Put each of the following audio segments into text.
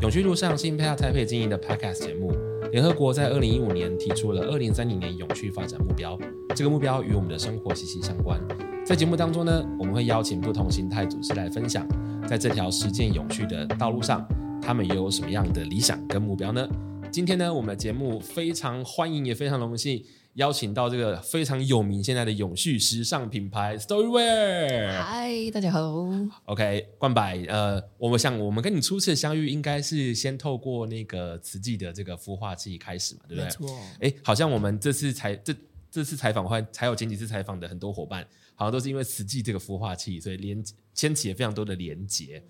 永續路上，Impact Hub Taipei 經營的 Podcast 節目。聯合國在二零一五年提出了二零三零年永續發展目標，這個目標與我們的生活息息相關。在節目當中呢，我們會邀請不同形態組織來分享，在這條實踐永續的道路上，他們又有什麼樣的理想跟目標呢？今天呢，我們的節目非常歡迎，也非常榮幸。邀請到這個非常有名現在的永續時尚品牌 Story Wear 嗨，大家好。OK，冠百。呃，我們想，我們跟你初次相遇，應該是先透過那個瓷器的這個孵化器開始嘛，對不對？沒錯。哎，好像我們這次採這這次採訪，或還有前幾次採訪的很多夥伴，好像都是因為瓷器這個孵化器，所以連牽起了非常多的連接。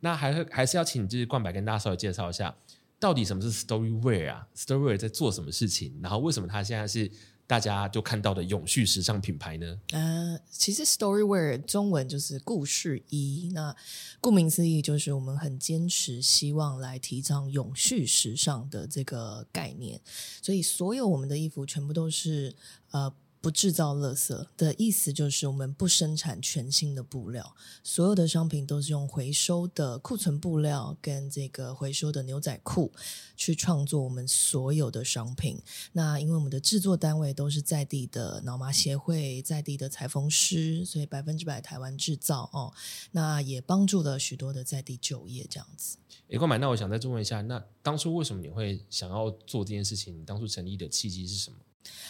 那還還是要請就是冠百跟大家稍微介紹一下，到底什麼是 Story Wear 啊 Story Wear 在做什麼事情？然後為什麼它現在是？大家就看到的永續時尚品牌呢？嗯、呃，其實 Story Wear 中文就是故事衣。那顧名思義，就是我們很堅持，希望來提倡永續時尚的這個概念。所以，所有我們的衣服全部都是呃。不製造垃圾的意思，就是我們不生產全新的布料，所有的商品都是用回收的庫存布料跟這個回收的牛仔褲去創作我們所有的商品。那因為我們的製作單位都是在地的腦麻協會、在地的裁縫師，所以百分之百台灣製造哦。那也幫助了許多的在地就業這樣子。誒，Kuan。那我想再追問一下，那當初為什麼你會想要做這件事情？你當初成立的契機是什麼？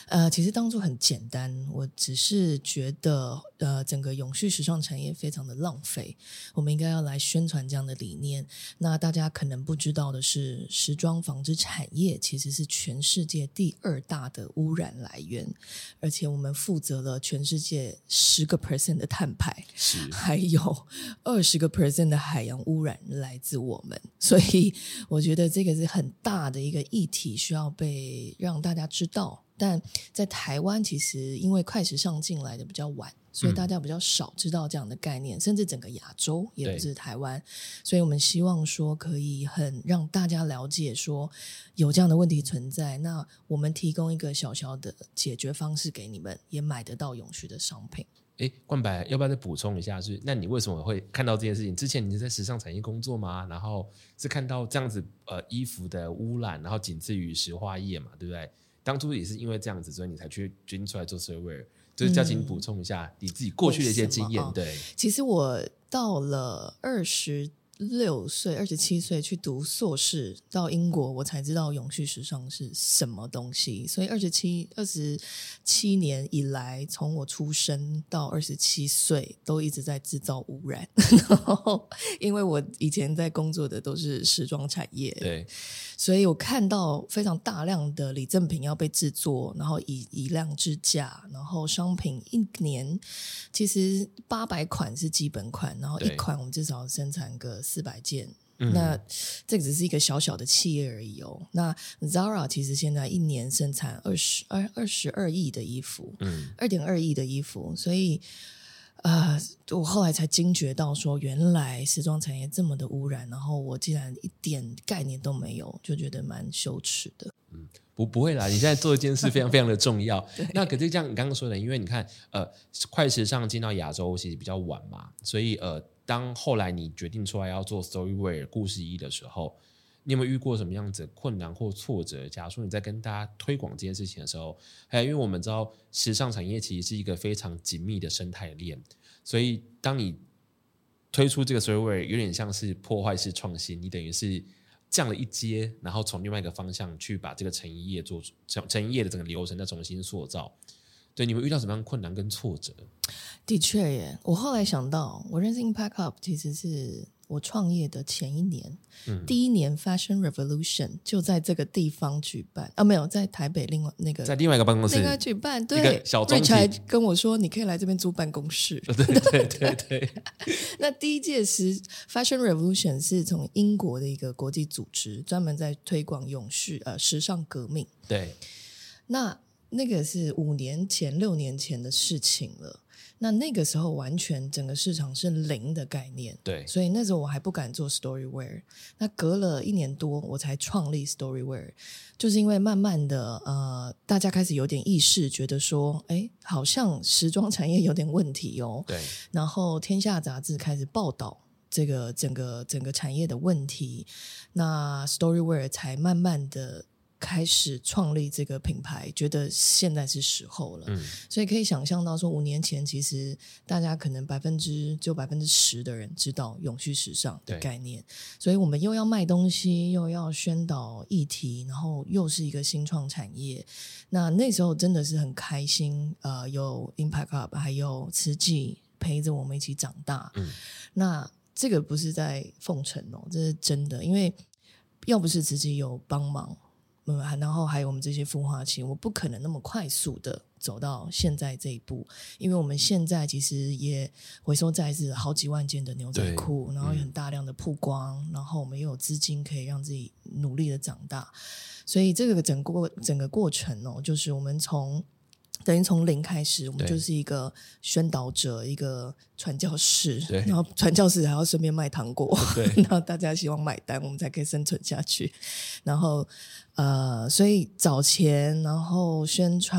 呃，其實當初很簡單，我只是覺得，呃，整個永續時尚產業非常的浪費，我們應該要來宣傳這樣的理念。那大家可能不知道的是，時裝紡織產業其實是全世界第二大的污染來源，而且我們負責了全世界十個 percent 的碳排，還有二十個 percent 的海洋污染來自我們，所以我覺得這個是很大的一個議題，需要被讓大家知道。但在台灣，其實因為快時尚進來的比較晚，所以大家比較少知道這樣的概念，嗯、甚至整個亞洲也不是台灣，所以我們希望說可以很讓大家了解說有這樣的問題存在，那我們提供一個小小的解決方式給你們，也買得到永續的商品。哎、欸，冠白，要不要再補充一下？是，那你為什麼會看到這件事情？之前你是在時尚產業工作嗎？然後是看到這樣子呃衣服的污染，然後僅次於石化業嘛，對不對？當初也是因為這樣子，所以你才去決定出來做 Story Wear，就是嘉欣補充一下你自己過去的一些經驗，嗯。對，其實我到了二十。六歲，二十七歲去讀碩士到英國，我才知道永續時尚是什麼東西。所以二十七二十七年以來，從我出生到二十七歲，都一直在製造污染。 然後，因為我以前在工作的都是時裝產業，對，所以我看到非常大量的禮贈品要被製作，然後以以量制價，然後商品一年其實八百款是基本款，然後一款我們至少生產個。四百件，嗯、那這個、只是一個小小的企業而已哦。那 Zara 其實現在一年生產二十二二十二億的衣服，嗯，二點二億的衣服。所以，呃，我後來才驚覺到說，原來時裝產業這麼的污染，然後我竟然一點概念都沒有，就覺得蠻羞恥的。嗯，不，不會啦。你現在做一件事非常非常的重要。 那可是像你剛剛說的，因為你看，呃，快時尚進到亞洲其實比較晚嘛，所以呃。當後來你決定出來要做 Story Wear 故事衣的時候，你有沒有遇過什麼樣子困難或挫折？假如說你在跟大家推廣這件事情的時候，還有因為我們知道時尚產業其實是一個非常緊密的生態鏈，所以當你推出這個 Story Wear，有點像是破壞式創新，你等於是降了一階，然後從另外一個方向去把這個成衣業做成成衣業的整個流程再重新塑造。所以你們遇到什麼樣的困難跟挫折？的確耶，我後來想到，我認識 Impact Hub 其實是我創業的前一年，嗯，第一年 Fashion Revolution 就在這個地方舉辦啊，沒有在台北，另外那個在另外一個辦公室，那個舉，辦那個、舉辦。對，Rich 跟我說，你可以來這邊租辦公室。對對對。對對對 那第一屆時，Fashion Revolution 是從英國的一個國際組織，專門在推廣永續呃時尚革命。對，那。那個是五年前、六年前的事情了。那那個時候，完全整個市場是零的概念。對，所以那時候我還不敢做 Story Wear。那隔了一年多，我才創立 Story Wear。就是因為慢慢的，呃，大家開始有點意識，覺得說，哎，好像時裝產業有點問題哦。對。然後天下雜誌開始報道這個整個整個產業的問題，那 Story Wear 才慢慢的。開始創立這個品牌，覺得現在是時候了。嗯，所以可以想象到說，五年前其實大家可能百分之就百分之十的人知道永續時尚的概念。對，所以我們又要賣東西，又要宣導議題，然後又是一個新創產業。那那時候真的是很開心，呃，有 Impact Hub 還有慈濟陪着我們一起長大。嗯，那這個不是在奉承哦、喔，這是真的，因為要不是慈濟有幫忙。嗯，然後還有我們這些孵化器，我不可能那麼快速的走到現在這一步，因為我們現在其實也回收在是好幾萬件的牛仔褲，然後有很大量的曝光，嗯、然後我們又有資金可以讓自己努力的長大，所以這個整個整個過程哦，就是我們從。等於從零開始，我們就是一個宣導者，一個傳教士，然後傳教士還要順便賣糖果，對，然後大家希望買單，我們才可以生存下去。然後，呃，所以找錢，然後宣傳，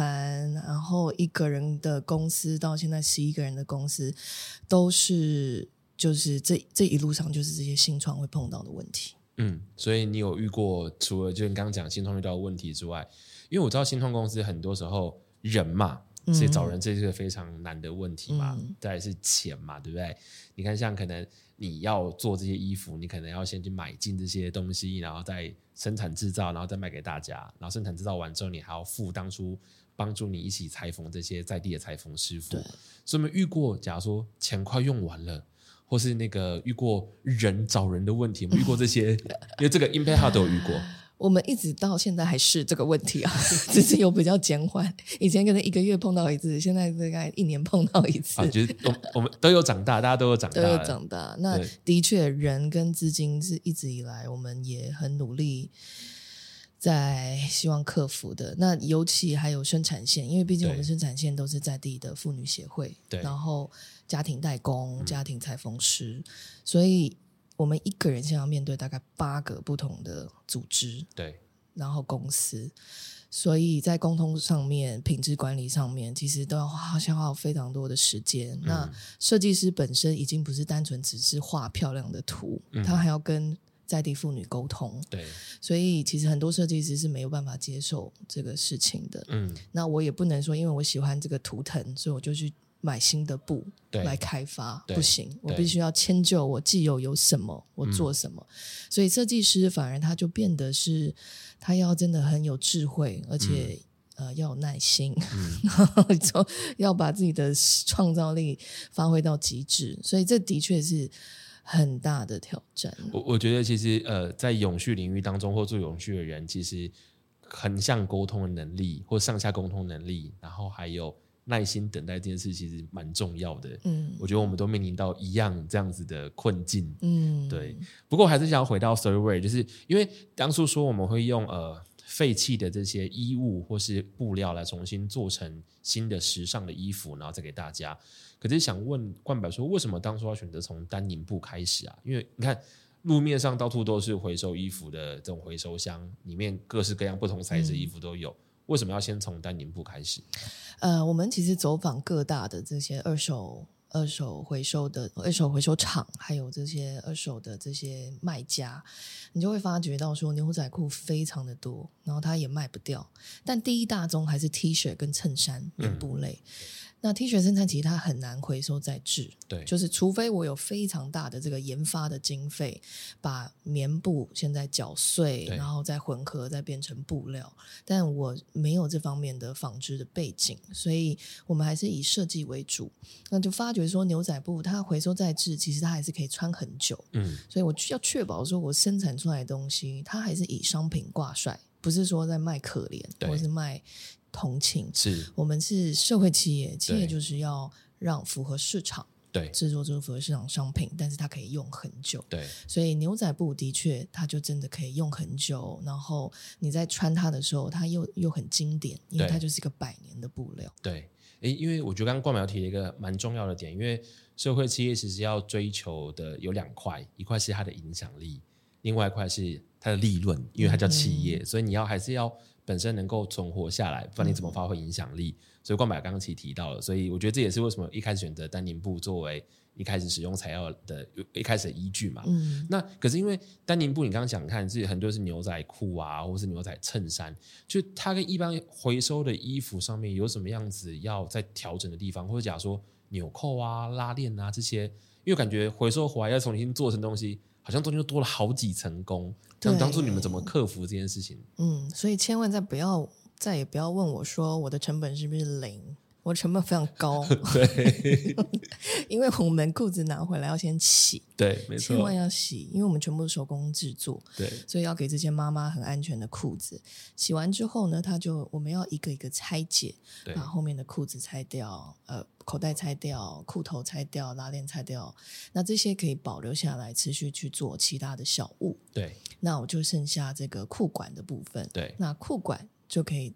然後一個人的公司到現在十一個人的公司，都是就是這這一路上就是這些新創會碰到的問題。嗯，所以你有遇過除了就是你剛剛講新創遇到的問題之外，因為我知道新創公司很多時候。人嘛，所以找人這是一個非常難的問題嘛，嗯、再來是錢嘛，對不對？你看，像可能你要做這些衣服，你可能要先去買進這些東西，然後再生產制造，然後再賣給大家，然後生產制造完之後，你還要付當初幫助你一起裁縫這些在地的裁縫師傅。對，所以，我們遇過，假如說錢快用完了，或是那個遇過人找人的問題，我們遇過這些， 因為這個 Impact Hub 都有遇過。我們一直到現在還是這個問題啊，只是有比較減緩。以前可能一個月碰到一次，現在大概一年碰到一次。啊，我們都有長大，大家都有長大。都有長大。那的確，人跟資金是一直以來我們也很努力在希望克服的。那尤其還有生產線，因為畢竟我們生產線都是在地的婦女協會，對，然後家庭代工、家庭裁縫師，嗯，所以。我們一個人現在要面對大概八個不同的組織，對，然後，公司，所以在溝通上面、品質管理上面，其實都要花消耗非常多的時間。嗯。那設計師本身已經不是單純只是畫漂亮的圖，嗯，他還要跟在地婦女溝通，對，所以其實很多設計師是沒有辦法接受這個事情的。嗯，那我也不能說，因為我喜歡這個圖騰，所以我就去。買新的布來開發不行，我必須要遷就我既有有什麼，我做什麼。嗯、所以設計師反而他就變得是，他要真的很有智慧，而且、嗯、呃要有耐心，嗯、然後要把自己的創造力發揮到極致。所以這的確是很大的挑戰。我我覺得其實呃，在永續領域當中或做永續的人，其實橫向溝通的能力或上下溝通能力，然後還有。耐心等待這件事其實蠻重要的，嗯，我覺得我們都面臨到一樣這樣子的困境，嗯，對。不過還是想要回到 Story Wear，就是因為當初說我們會用呃廢棄的這些衣物或是布料來重新做成新的時尚的衣服，然後再給大家。可是想問冠百說，為什麼當初要選擇從丹寧布開始啊？因為你看路面上到處都是回收衣服的這種回收箱，裡面各式各樣不同材質衣服都有。嗯為什麼要先從丹寧布開始？呃，我們其實走訪各大的這些二手二手回收的二手回收廠，還有這些二手的這些賣家，你就會發覺到說牛仔褲非常的多，然後它也賣不掉，但第一大宗還是 T 恤跟襯衫棉布類。嗯那 T 恤生產其實它很難回收再製，對，就是除非我有非常大的這個研發的經費，把棉布現在攪碎，然後再混合再變成布料，但我沒有這方面的紡織的背景，所以我們還是以設計為主。那就發覺說牛仔布它回收再製，其實它還是可以穿很久，嗯，所以我要確保說我生產出來的東西，它還是以商品掛帥，不是說在賣可憐，或是賣。同情，是，我們是社會企業，企業就是要讓符合市場，對，製作這個符合市場商品，但是它可以用很久，對，所以牛仔布的確，它就真的可以用很久，然後你在穿它的時候，它又又很經典，因為它就是一個百年的布料，對，誒，因為我覺得剛剛冠苗提了一個蠻重要的點，因為社會企業其實要追求的有兩塊，一塊是它的影響力，另外一塊是它的利潤，因為它叫企業，嗯，所以你要還是要本身能夠存活下來，不然你怎麼發揮影響力、嗯，所以冠百剛剛其實提到了，所以我覺得這也是為什麼一開始選擇丹寧布作為一開始使用材料的，一開始的依據嘛。嗯、那可是因為丹寧布，你剛剛想看，自己很多是牛仔褲啊，或是牛仔襯衫，就它跟一般回收的衣服上面有什麼樣子要再調整的地方，或者假如說紐扣啊、拉鏈啊這些，因為感覺回收回來要重新做成東西。好像中間就多了好幾層工，這樣當初你們怎麼克服這件事情？嗯，所以千萬再不要，再也不要問我說我的成本是不是零。我成本非常高， 對， 因為我們褲子拿回來要先洗，對沒錯，千萬要洗，因為我們全部是手工製作，對，所以要給這些媽媽很安全的褲子。洗完之後呢，他就我們要一個一個拆解，對，把後面的褲子拆掉，呃，口袋拆掉，褲頭拆掉，拉鏈拆掉，那這些可以保留下來，持續去做其他的小物。對，那我就剩下這個褲管的部分，對，那褲管就可以。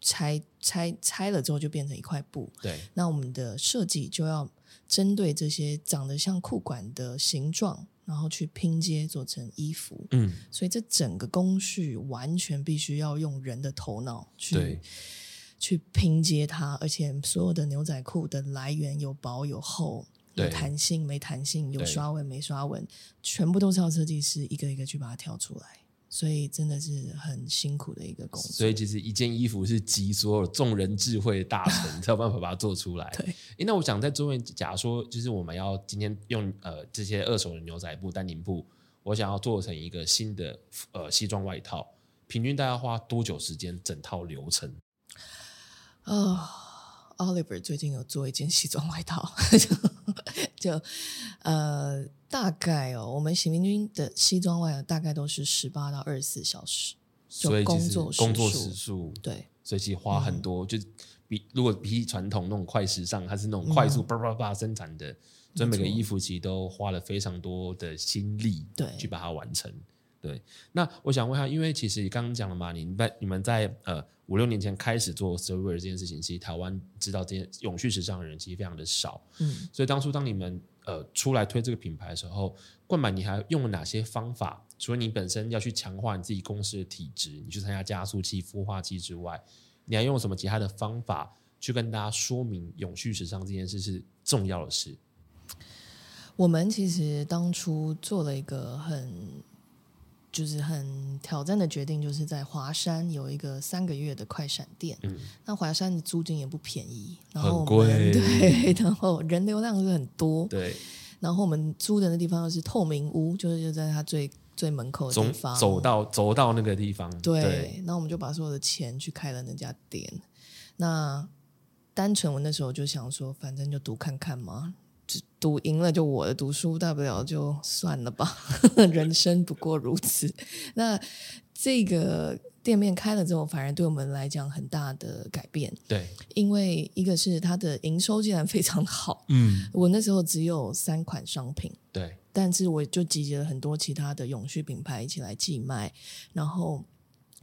拆拆拆了之後就變成一塊布，對。那我們的設計就要針對這些長得像褲管的形狀，然後去拼接做成衣服，嗯。所以這整個工序完全必須要用人的頭腦去去拼接它，而且所有的牛仔褲的來源有薄有厚，對，有彈性沒彈性，有刷紋沒刷紋，全部都是要設計師一個一個去把它挑出來。所以真的是很辛苦的一個工作。所以其實一件衣服是集所有眾人智慧的大成， 才有辦法把它做出來。對。欸、那我想在這邊，假如說就是我們要今天用呃這些二手的牛仔布、丹寧布，我想要做成一個新的呃西裝外套，平均大概要花多久時間？整套流程？哦、oh, Oliver 最近有做一件西裝外套， 就呃。大概哦，我們行明軍的西裝外大概都是十八到二十四小時，所以其實工作時數對，所以其實花很多，嗯、就是比如果比傳統那種快時尚，它是那種快速啪啪啪生產的，所以每個衣服其實都花了非常多的心力，對，去把它完成對。對，那我想問一下，因為其實剛剛講了嘛，你，你們在呃五六年前開始做 Story Wear 這件事情，其實台灣知道這些永續時尚的人其實非常的少，嗯，所以當初當你們。呃，出來推這個品牌的時候，冠滿你還用了哪些方法？除了你本身要去強化你自己公司的體質，你去參加加速器、孵化器之外，你還用什麼其他的方法去跟大家說明永續時尚這件事是重要的事？我們其實當初做了一個很。就是很挑戰的決定，就是在華山有一個三個月的快閃店。嗯，那華山的租金也不便宜，然後很貴，對，然後人流量是很多，對。然後我們租的那地方又是透明屋，就是就在它最最門口的地方，走，走到走到那個地方對。對，然後我們就把所有的錢去開了那家店。那單純我那時候就想說，反正就賭看看嘛。賭贏了就我的賭輸，大不了就算了吧， 人生不過如此。那這個店面開了之後，反而對我們來講很大的改變。對，因為一個是它的營收竟然非常好。嗯，我那時候只有三款商品，對，但是我就集結了很多其他的永續品牌一起來寄賣，然後。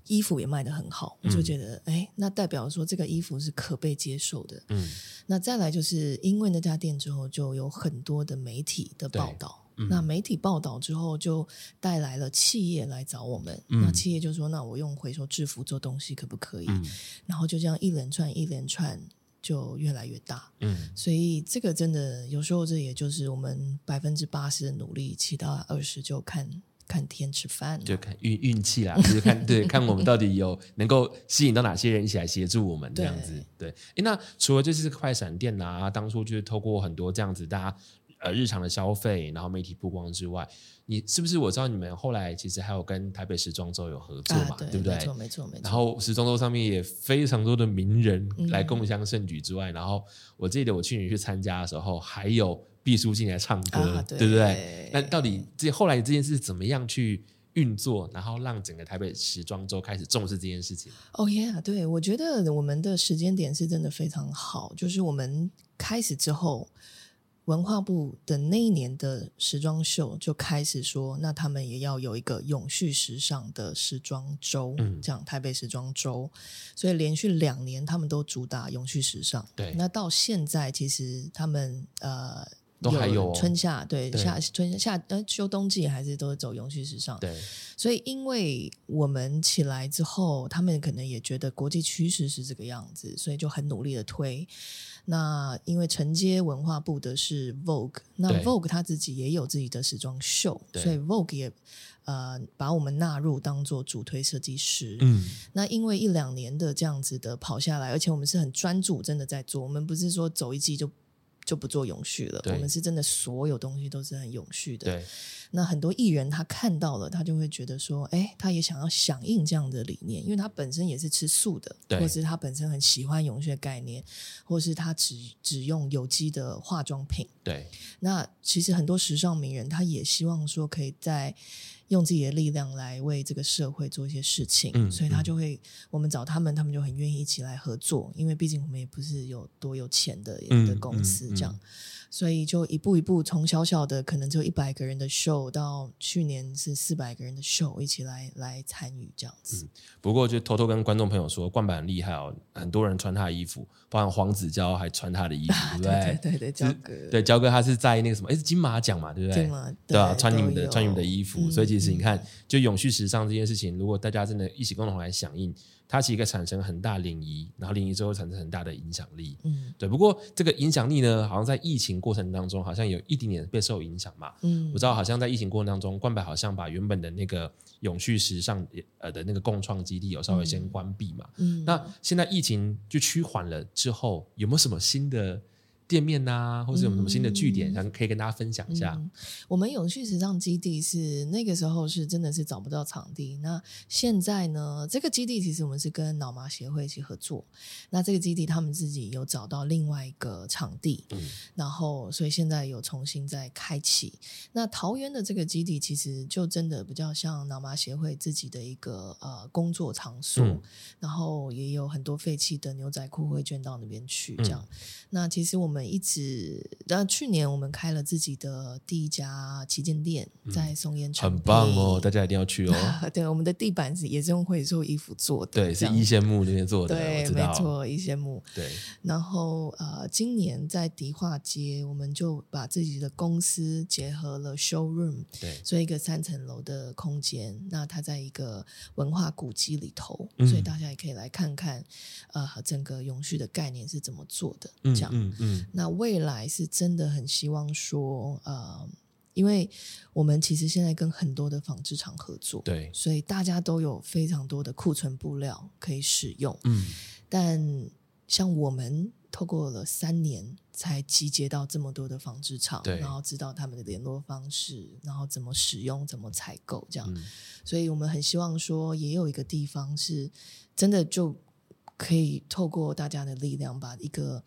衣服也賣的很好。嗯，我就覺得，哎、欸，那代表說這個衣服是可被接受的。嗯，那再來就是因為那家店之後就有很多的媒體的報道、嗯，那媒體報道之後就帶來了企業來找我們。嗯，那企業就說，那我用回收制服做東西可不可以，嗯？然後就這樣一連串一連串就越來越大。嗯，所以這個真的有時候這也就是我們百分之八十的努力，其他二十就看。看天吃飯、啊，就看運運氣啦，就是看對 看我們到底有能夠吸引到哪些人一起來協助我們這樣子。對，對那除了就是快閃店啦、啊，當初就是透過很多這樣子大家呃日常的消費，然後媒體曝光之外，你是不是，我知道你們後來其實還有跟台北時裝周有合作嘛，啊、對，對不對？沒錯沒錯沒錯。然後時裝周上面也非常多的名人來共襄盛舉之外，嗯、然後我記得我去年去參加的時候還有，畢書盡來唱歌、啊對，對不對？那到底這後來這件事怎麼樣去運作，啊、然後讓整個台北時裝周開始重視這件事情？哦、oh、，yeah，對，我覺得我們的時間點是真的非常好，就是我們開始之後，文化部的那一年的時裝秀就開始說，那他們也要有一個永續時尚的時裝周，嗯，這樣台北時裝周，所以連續兩年他們都主打永續時尚，對，那到現在其實他們呃。都還有、哦、有春夏，對，夏春夏呃秋冬季還是都是走永續時尚。對，所以因為我們起來之後，他們可能也覺得國際趨勢是這個樣子，所以就很努力的推。那因為承接文化部的是 Vogue，那 Vogue 他自己也有自己的時裝秀，所以 Vogue 也呃把我們納入當做主推設計師。嗯，那因為一兩年的這樣子的跑下來，而且我們是很專注，真的在做，我們不是說走一季就。就不做永續了。我們是真的，所有東西都是很永續的。那很多藝人他看到了，他就會覺得說，哎、欸，他也想要響應這樣的理念，因為他本身也是吃素的，對，或是他本身很喜歡永續的概念，或是他只只用有機的化妝品，對。那其實很多時尚名人，他也希望說，可以在用自己的力量來為這個社會做一些事情，嗯嗯、所以他就會我們找他們，他們就很願意一起來合作，因為畢竟我們也不是有多有錢的的公司這樣。嗯嗯嗯所以就一步一步從小小的可能只有一百個人的 show，到去年是四百個人的 show 一起來來參與這樣子，嗯。不過就偷偷跟觀眾朋友說，冠板很厲害哦，很多人穿他的衣服，包括黃子佼還穿他的衣服，啊、對不對？對對，對，對佼哥，對佼哥他是在那個什麼？哎，是金馬獎嘛，對不對？金馬對吧，啊？穿你們的穿你們的衣服，嗯，所以其實你看，嗯，就永續時尚這件事情，如果大家真的一起共同來響應。它是一個產生很大漣漪，然後漣漪之後產生很大的影響力，嗯，對。不過這個影響力呢，好像在疫情過程當中，好像有一點點被受影響嘛，嗯。我知道，好像在疫情過程當中，冠柏好像把原本的那個永續時尚呃的那個共創基地有稍微先關閉嘛，嗯，嗯。那現在疫情就趨緩了之後，有沒有什麼新的？店面吶，啊，或者有什麼新的據點，嗯，想可以跟大家分享一下。嗯、我們永續時尚基地是那個時候是真的是找不到場地。那現在呢，這個基地其實我們是跟腦麻協會一起合作。那這個基地他們自己有找到另外一個場地，嗯、然後所以現在有重新在開啟。那桃園的這個基地其實就真的比較像腦麻協會自己的一個呃工作場所，嗯，然後也有很多廢棄的牛仔褲會捐到那邊去，嗯，這樣，嗯。那其實我們。我們一直，那去年我們開了自己的第一家旗艦店在松菸廠，嗯，很棒哦！大家一定要去哦。 對，我們的地板是也是用回收衣服做的，對，是一線木那邊做的，對，哦，沒錯，一線木。對。然後呃，今年在迪化街，我們就把自己的公司結合了 showroom，對，所以一個三層樓的空間，那它在一個文化古蹟裡頭，嗯，所以大家也可以來看看，呃，整個永續的概念是怎麼做的，這樣，嗯嗯。嗯那未來是真的很希望說，呃，因為我們其實現在跟很多的紡織廠合作，對，所以大家都有非常多的庫存布料可以使用，嗯。但像我們透過了三年才集結到這麼多的紡織廠，對，然後知道他們的聯絡方式，然後怎麼使用、怎麼採購這樣，嗯。所以我們很希望說，也有一個地方是真的就可以透過大家的力量，把一個。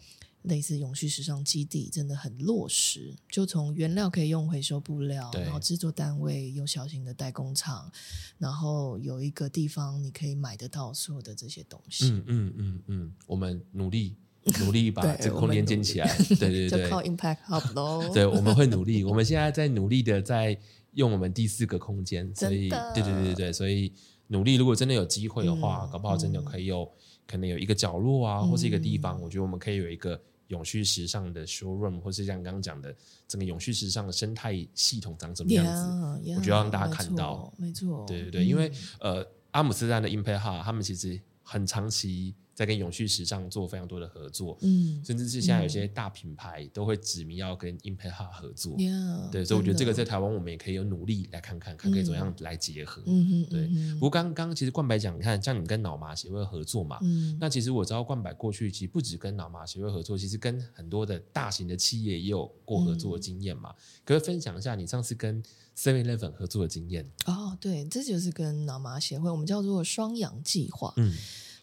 類似永續時尚基地真的很落實，就從原料可以用回收布料，然後製作單位、嗯、用小型的代工廠，然後有一個地方你可以買得到所有的這些東西。嗯嗯嗯嗯，我們努力努力把這個空間建起來。 對，對對對，就靠 Impact Hub 嘍。 對，我們會努力。我們現在在努力的在用我們第四個空間，所以對對對對，所以努力。如果真的有機會的話，嗯、搞不好真的可以有，嗯、可能有一個角落啊、嗯，或是一個地方，我覺得我們可以有一個。永續時尚的 showroom，或是像剛剛講的整個永續時尚的生態系統長什麼樣子，yeah, yeah, 我覺得讓大家看到，沒錯哦、沒錯哦，對對對、嗯，因為呃，阿姆斯特丹的 Impact Hub 他們其實很長期。在跟永續時尚做非常多的合作，嗯，甚至是現在有些大品牌都會指明要跟 Impact Hub 合作，嗯、對，所以我覺得這個在台灣我們也可以有努力來看看，嗯、看可以怎麼樣來結合，嗯嗯，嗯，對。不過剛剛其實冠柏講，你看像你跟腦麻協會合作嘛、嗯，那其實我知道冠百過去其實不止跟腦麻協會合作，其實跟很多的大型的企業也有過合作的經驗嘛。嗯、可，可以分享一下你上次跟 Seven Eleven 合作的經驗？哦，對，這就是跟腦麻協會，我們叫做雙陽計劃，嗯。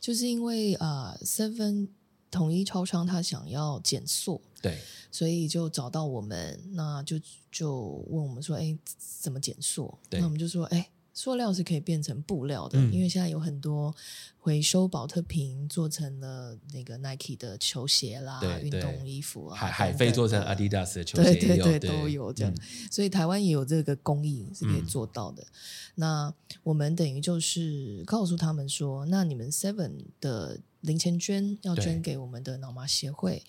就是因為啊 Seven 統一超商他想要減塑，對，所以就找到我們，那就就問我們說，哎，怎麼減塑？對，那我們就說，哎。塑料是可以變成布料的。嗯，因為現在有很多回收保特瓶做成了那個 Nike 的球鞋啦，運動衣服啊，海海飛做成 Adidas 的球鞋，對對對，對都有這樣。嗯。所以台灣也有這個工藝是可以做到的。嗯，那我們等於就是告訴他們說，那你們 Seven 的零錢捐要捐給我們的腦麻協會。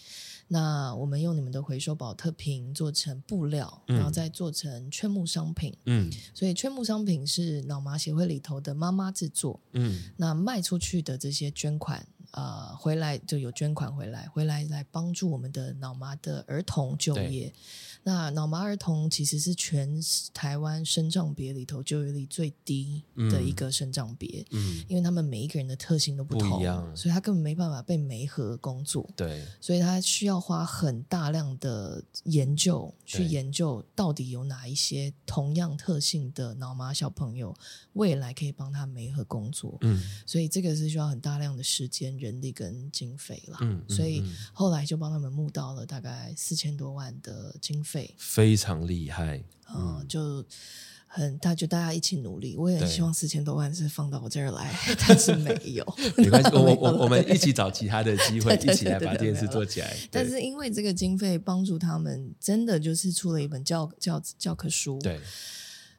那我們用你們的回收寶特瓶做成布料，嗯，然後再做成勸募商品。嗯，所以勸募商品是腦麻協會裡頭的媽媽制作。嗯，那賣出去的這些捐款，呃，回來就有捐款回來，回來來幫助我們的腦麻的兒童就業。那腦麻兒童其實是全台灣身障別，裡頭就業率最低的一個身障別。嗯嗯，因為他們每一個人的特性都不同不，所以他根本沒辦法被媒合工作，對，所以他需要花很大量的研究去研究到底有哪一些，同樣特性的腦麻小朋友未來可以幫他媒合工作，嗯，所以這個是需要很大量的時間、人力跟經費啦，嗯，所以後來就幫他們募到了大概四千多萬的經費。費非常厲害，嗯，就很，他就大家一起努力，我也很希望四千多萬是放到我這兒來，但是沒有， 沒關係，我我我們一起找其他的機會，對對對對對對，一起來把這件事做起來，對對對對。但是因為這個經費幫助他們，真的就是出了一本教教教科書。對。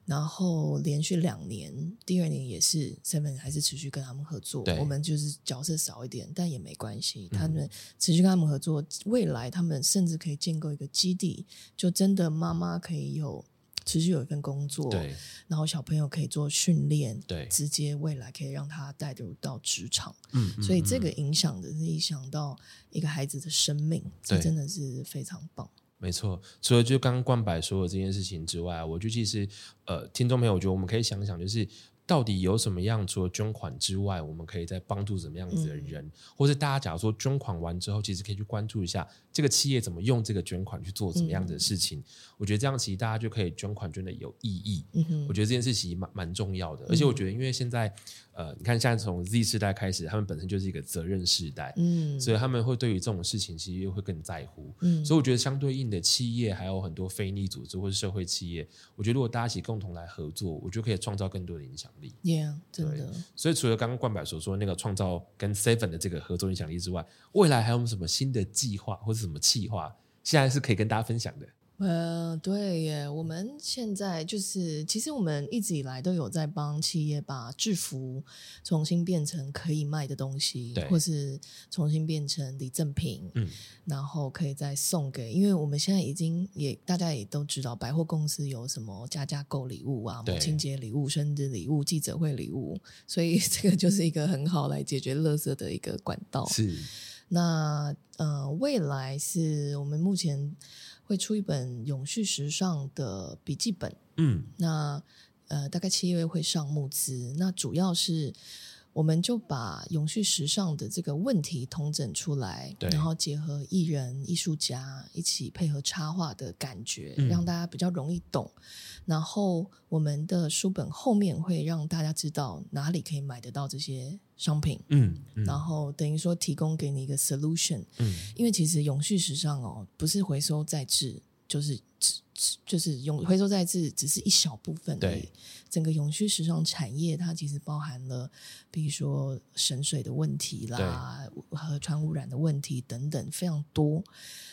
然後連續兩年，第二年也是 Seven 還是持續跟他們合作。對，我們就是角色少一點，但也沒關係。他們持續跟他們合作，嗯、未來他們甚至可以建構一個基地，就真的媽媽可以有、嗯、持續有一份工作，對。然後小朋友可以做訓練，對，直接未來可以讓他帶入到職場。嗯，所以這個影響的是一想到一個孩子的生命，對、嗯，這真的是非常棒。沒錯，除了就剛剛冠柏說的這件事情之外，我就其實呃，聽眾朋友，我覺得我們可以想想，就是到底有什麼樣，除了捐款之外，我們可以再幫助怎麼樣子的人，嗯、或者大家假如說捐款完之後，其實可以去關注一下這個企業怎麼用這個捐款去做怎麼樣子的事情，嗯。我覺得這樣其實大家就可以捐款捐得有意義。嗯，我覺得這件事情蠻蠻重要的，嗯，而且我覺得因為現在。呃，你看，現在從 Z 世代開始，他們本身就是一個責任世代，嗯，所以他們會對於這種事情其實又會更在乎，嗯，所以我覺得相對應的企業還有很多非營利組織或者社會企業，我覺得如果大家一起共同來合作，我覺得可以創造更多的影響力 Yeah, 對，真的。所以除了剛剛冠百所說那個創造跟 Seven 的這個合作影響力之外，未來還有什麼新的計劃或者什麼計劃，現在是可以跟大家分享的？呃、well，對耶，我們現在就是，其實我們一直以來都有在幫企業把製服重新變成可以賣的東西，或是重新變成禮贈品，嗯，然後可以再送給，因為我們現在已經也大家也都知道，百貨公司有什麼加加購禮物啊，母親節禮物、生日禮物、記者會禮物，所以這個就是一個很好來解決垃圾的一個管道。是，那呃，未來是我們目前。會出一本永續時尚的筆記本，嗯，那呃，大概七月會上募資，那主要是我們就把永續時尚的這個問題統整出來，然後結合藝人、藝術家一起配合插畫的感覺，嗯，讓大家比較容易懂。然後我們的書本後面會讓大家知道哪裡可以買得到這些商品，嗯，嗯，然後等於說提供給你一個 solution，嗯，因為其實永續時尚哦，不是回收再製，就是只就是永、就是、回收再製只是一小部分而已，對，整個永續時尚產業它其實包含了，比如說省水的問題啦，河川污染的問題等等非常多，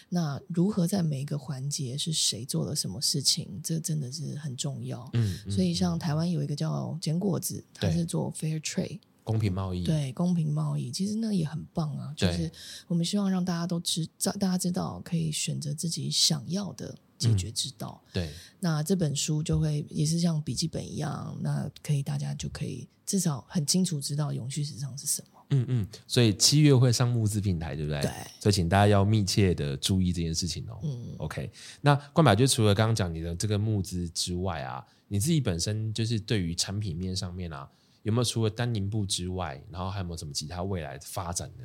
那如何在每一個環節是誰做了什麼事情，這真的是很重要，嗯，所以像台灣有一個叫堅果子，嗯、它是做 fair trade。公平貿易，對公平貿易，其實那也很棒啊，就是我們希望讓大家都知，大家知道可以選擇自己想要的解決之道，嗯。對，那這本書就會也是像筆記本一樣，那可以大家就可以至少很清楚知道永續時尚是什麼。嗯嗯，所以七月會上募資平台，對不對？對，所以請大家要密切的注意這件事情哦，喔。嗯，OK。那冠柏就除了剛剛講你的這個募資之外啊，你自己本身就是對於產品面上面啊。有沒有除了丹寧布之外，然後還有沒有什麼其他未來的發展呢？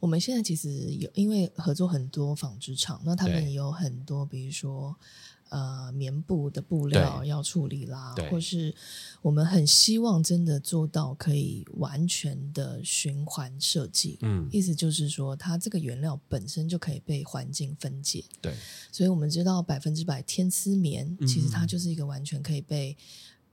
我們現在其實有，因為合作很多紡織廠，那他們也有很多，比如說呃棉布的布料要處理啦，或是我們很希望真的做到可以完全的循環設計。嗯，意思就是說，它這個原料本身就可以被環境分解。對，所以我們知道百分之百天絲棉，嗯，其實它就是一個完全可以被。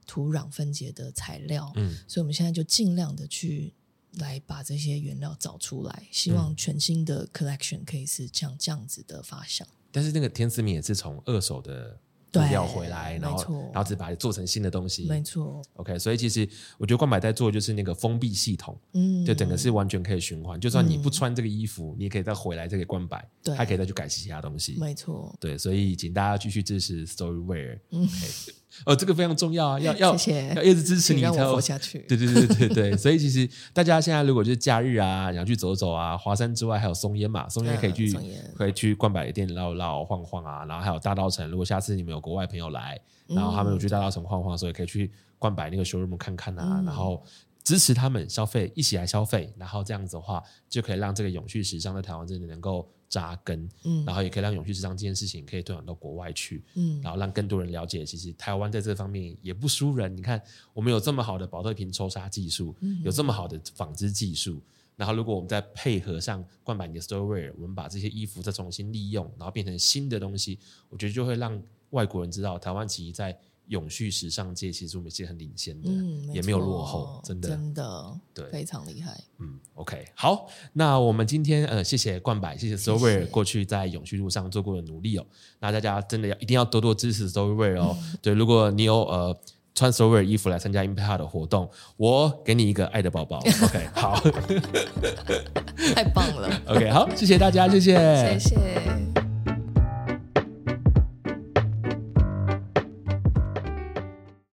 土壤分解的材料，嗯，所以我們現在就盡量的去來把這些原料找出來，希望全新的 collection 可以是像這樣子的發想。嗯、但是那個天絲棉也是從二手的布料回來，然後然後，然後只把它做成新的東西，沒錯。OK，所以其實我覺得冠百在做就是那個封閉系統，嗯，就整個是完全可以循環。就算你不穿這個衣服，你也可以再回來這個冠百，對、嗯，還可以再去改其他東西，沒錯。對，所以請大家繼續支持 Story Wear 嗯。 哦，這個非常重要啊！要要謝謝要一直支持你，要我活下去。對對對對對，對， 所以其實大家現在如果就是假日啊，想去走走啊，華山之外還有松菸嘛，松菸可以去，嗯、可以去冠百店繞繞晃晃啊，然後還有大稻埕。如果下次你們有國外朋友來，然後他們有去大稻埕晃晃，嗯，所以可以去冠百那個 showroom 看看吶、啊嗯，然後支持他們消費，一起來消費，然後這樣子的話，就可以讓這個永續時尚在台灣真的能夠。扎根，嗯，然後也可以讓永續時尚這件事情可以推廣到國外去，嗯，然後讓更多人了解，其實台灣在這方面也不輸人。你看，我們有這麼好的保特瓶抽紗技術、嗯，有這麼好的紡織技術，然後如果我們再配合上 Kuan 你的 Story Wear，我們把這些衣服再重新利用，然後變成新的東西，我覺得就會讓外國人知道台灣其實在。永續時尚界，其實我們是很領先的，嗯，沒也沒有落後。哦，真的，真的，對，非常厲害，嗯，OK，好，那我們今天呃，謝謝冠百，謝謝 Story Wear 過去在永續路上做過的努力哦，那大家真的要一定要多多支持 Story Wear 哦，對，如果你有呃穿 Story Wear 衣服來參加 Impact Hub 的活動，我給你一個愛的抱抱 ，OK，好， 太棒了，OK，好，謝謝大家，謝謝，謝謝。